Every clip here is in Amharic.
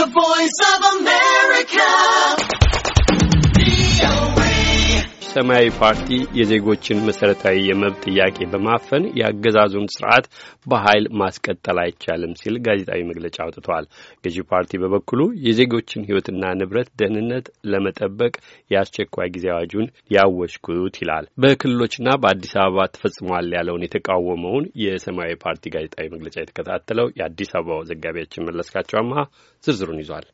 The Voice of man. ሰማያዊ ፓርቲ የዜጎችን መሠረታዊ የመብት ጥያቄ በማፈን የአገዛዙን ስርዓት በኃይል ማስቀጠል አይቻልም ሲል ጋዜጣዊ መግለጫ አውጥቷል። ገዢ ፓርቲ በበኩሉ የዜጎችን ሕይወትና ንብረት ደህንነት ለመጠበቅ የአስቸኳይ ጊዜ አዋጁን ያወጅኩት ይላል። በክልሎችና በአዲስ አበባ ተፈጽሟል ያለውን የተቃወመውን የሰማያዊ ፓርቲ ጋዜጣዊ መግለጫ የተከታተለው የአዲስ አበባው ዘጋቢያችን መለስካቸው አምሃ ዝርዝሩን ይዟል።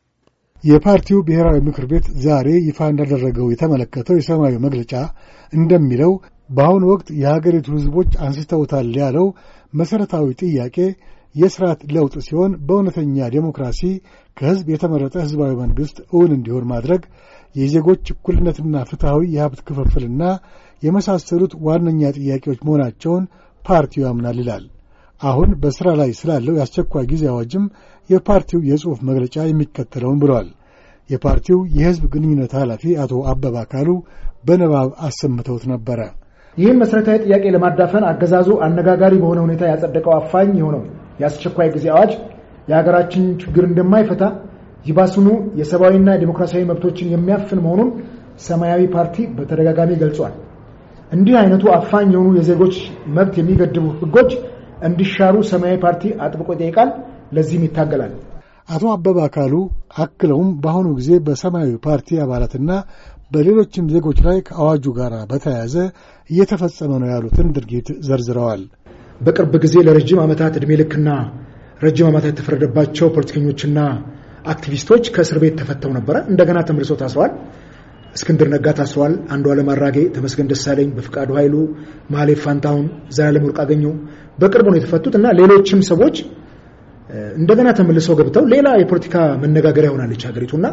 የፓርቲው ብሔራዊ ምክር ቤት ዛሬ ይፋ እንዳደረገው የተመለከተው የሰማያዊ መግለጫ እንደሚለው በአሁኑ ወቅት የሀገሪቱ ሕዝቦች አንስተውታል ያለው መሠረታዊ ጥያቄ የሥርዓት ለውጥ ሲሆን በእውነተኛ ዴሞክራሲ ከሕዝብ የተመረጠ ሕዝባዊ መንግሥት እውን እንዲሆን ማድረግ የዜጎች እኩልነትና ፍትሐዊ የሀብት ክፍፍልና የመሳሰሉት ዋነኛ ጥያቄዎች መሆናቸውን ፓርቲው ያምናል ይላል አሁን በሥራ ላይ ስላለው የአስቸኳይ ጊዜ አዋጅም የፓርቲው የጽሑፍ መግለጫ የሚከተለውን ብለዋል። የፓርቲው የሕዝብ ግንኙነት ኃላፊ አቶ አበባ ካሉ በንባብ አሰምተውት ነበረ። ይህም መሠረታዊ ጥያቄ ለማዳፈን አገዛዙ አነጋጋሪ በሆነ ሁኔታ ያጸደቀው አፋኝ የሆነው የአስቸኳይ ጊዜ አዋጅ የሀገራችን ችግር እንደማይፈታ ይባስኑ የሰብአዊና ዴሞክራሲያዊ መብቶችን የሚያፍን መሆኑን ሰማያዊ ፓርቲ በተደጋጋሚ ገልጿል። እንዲህ አይነቱ አፋኝ የሆኑ የዜጎች መብት የሚገድቡ ህጎች? እንዲሻሩ ሰማያዊ ፓርቲ አጥብቆ ይጠይቃል፣ ለዚህም ይታገላል። አቶ አበበ አካሉ አክለውም በአሁኑ ጊዜ በሰማያዊ ፓርቲ አባላትና በሌሎችም ዜጎች ላይ ከአዋጁ ጋር በተያያዘ እየተፈጸመ ነው ያሉትን ድርጊት ዘርዝረዋል። በቅርብ ጊዜ ለረጅም ዓመታት ዕድሜ ልክና ረጅም ዓመታት የተፈረደባቸው ፖለቲከኞችና አክቲቪስቶች ከእስር ቤት ተፈተው ነበረ። እንደገና ተመልሶ ታስረዋል። እስክንድር ነጋ ታስረዋል። ዓለም አራጌ፣ ተመስገን ደሳለኝ፣ በፍቃዱ ኃይሉ፣ ማሌ ፋንታሁን፣ ዘላለም ወርቅአገኘሁ በቅርቡ ነው የተፈቱት እና ሌሎችም ሰዎች እንደገና ተመልሰው ገብተው ሌላ የፖለቲካ መነጋገሪያ ሆናለች ሀገሪቱና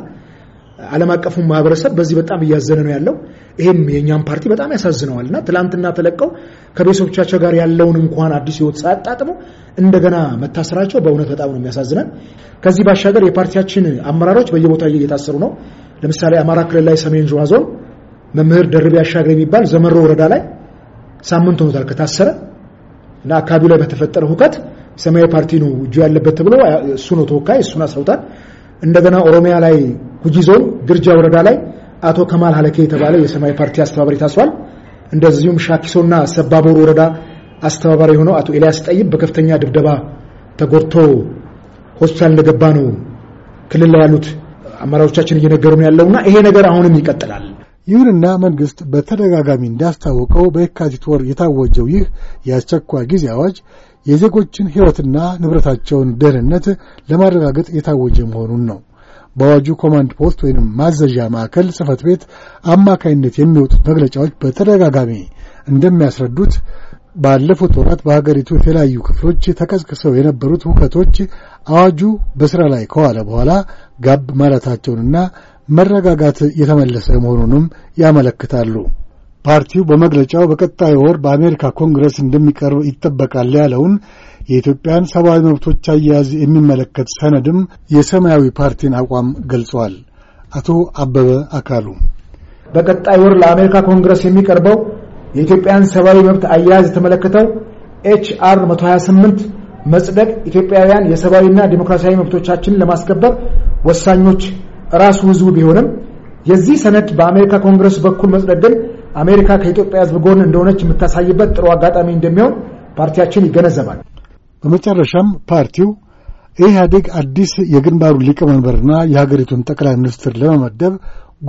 ዓለም አቀፉን ማህበረሰብ በዚህ በጣም እያዘነ ነው ያለው። ይህም የእኛም ፓርቲ በጣም ያሳዝነዋል እና ትላንትና ተለቀው ከቤተሰቦቻቸው ጋር ያለውን እንኳን አዲስ ህይወት ሳያጣጥሙ እንደገና መታሰራቸው በእውነት በጣም ነው የሚያሳዝነን። ከዚህ ባሻገር የፓርቲያችን አመራሮች በየቦታ እየታሰሩ ነው። ለምሳሌ አማራ ክልል ላይ ሰሜን ሸዋ ዞን መምህር ደርቤ አሻገር የሚባል ዘመሮ ወረዳ ላይ ሳምንት ሆኖታል ከታሰረ እና አካባቢው ላይ በተፈጠረ ሁከት ሰማያዊ ፓርቲ ነው እጁ ያለበት ተብሎ እሱ ነው ተወካይ፣ እሱን አስረውታል። እንደገና ኦሮሚያ ላይ ጉጂ ዞን ግርጃ ወረዳ ላይ አቶ ከማል ሀለኬ የተባለ የሰማያዊ ፓርቲ አስተባባሪ ታስሯል። እንደዚሁም ሻኪሶና ሰባቦር ወረዳ አስተባባሪ የሆነው አቶ ኤልያስ ጠይብ በከፍተኛ ድብደባ ተጎድቶ ሆስፒታል እንደገባ ነው ክልል ላይ ያሉት አመራሮቻችን እየነገሩ ነው ያለውና ይሄ ነገር አሁንም ይቀጥላል። ይሁንና መንግስት በተደጋጋሚ እንዳስታወቀው በየካቲት ወር የታወጀው ይህ የአስቸኳይ ጊዜ አዋጅ የዜጎችን ሕይወትና ንብረታቸውን ደህንነት ለማረጋገጥ የታወጀ መሆኑን ነው። በአዋጁ ኮማንድ ፖስት ወይም ማዘዣ ማዕከል ጽሕፈት ቤት አማካይነት የሚወጡት መግለጫዎች በተደጋጋሚ እንደሚያስረዱት ባለፉት ወራት በሀገሪቱ የተለያዩ ክፍሎች ተቀስቅሰው የነበሩት ሁከቶች አዋጁ በሥራ ላይ ከዋለ በኋላ ጋብ ማለታቸውንና መረጋጋት የተመለሰ መሆኑንም ያመለክታሉ። ፓርቲው በመግለጫው በቀጣይ ወር በአሜሪካ ኮንግረስ እንደሚቀርብ ይጠበቃል ያለውን የኢትዮጵያን ሰብአዊ መብቶች አያያዝ የሚመለከት ሰነድም የሰማያዊ ፓርቲን አቋም ገልጿል። አቶ አበበ አካሉ በቀጣይ ወር ለአሜሪካ ኮንግረስ የሚቀርበው የኢትዮጵያን ሰብአዊ መብት አያያዝ የተመለከተው ኤች አር 128 መጽደቅ ኢትዮጵያውያን የሰብአዊና ዲሞክራሲያዊ መብቶቻችንን ለማስከበር ወሳኞች ራሱ ህዝቡ ቢሆንም የዚህ ሰነድ በአሜሪካ ኮንግረስ በኩል መጽደቅ ግን አሜሪካ ከኢትዮጵያ ህዝብ ጎን እንደሆነች የምታሳይበት ጥሩ አጋጣሚ እንደሚሆን ፓርቲያችን ይገነዘባል። በመጨረሻም ፓርቲው ኢህአዴግ አዲስ የግንባሩን ሊቀመንበርና የሀገሪቱን ጠቅላይ ሚኒስትር ለመመደብ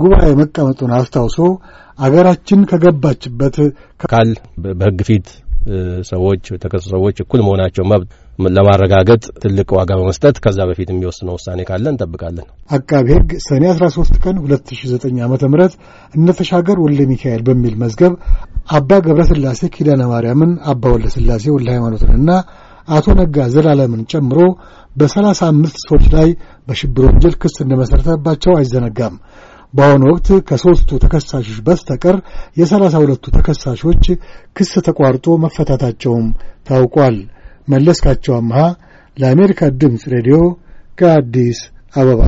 ጉባኤ መቀመጡን አስታውሶ አገራችን ከገባችበት ካል በሕግ ፊት ሰዎች የተከሱ ሰዎች እኩል መሆናቸው መብት ለማረጋገጥ ትልቅ ዋጋ በመስጠት ከዛ በፊት የሚወስነው ውሳኔ ካለ እንጠብቃለን። አቃቢ ህግ ሰኔ 13 ቀን 2009 ዓ ም እነተሻገር ወልደ ሚካኤል በሚል መዝገብ አባ ገብረ ስላሴ ኪዳነ ማርያምን፣ አባ ወልደ ስላሴ ወልደ ሃይማኖትንና አቶ ነጋ ዘላለምን ጨምሮ በሰላሳ አምስት ሰዎች ላይ በሽብር ወንጀል ክስ እንደመሠረተባቸው አይዘነጋም። በአሁኑ ወቅት ከሦስቱ ተከሳሾች በስተቀር የሰላሳ ሁለቱ ተከሳሾች ክስ ተቋርጦ መፈታታቸውም ታውቋል። መለስካቸው አምሃ ለአሜሪካ ድምፅ ሬዲዮ ከአዲስ አበባ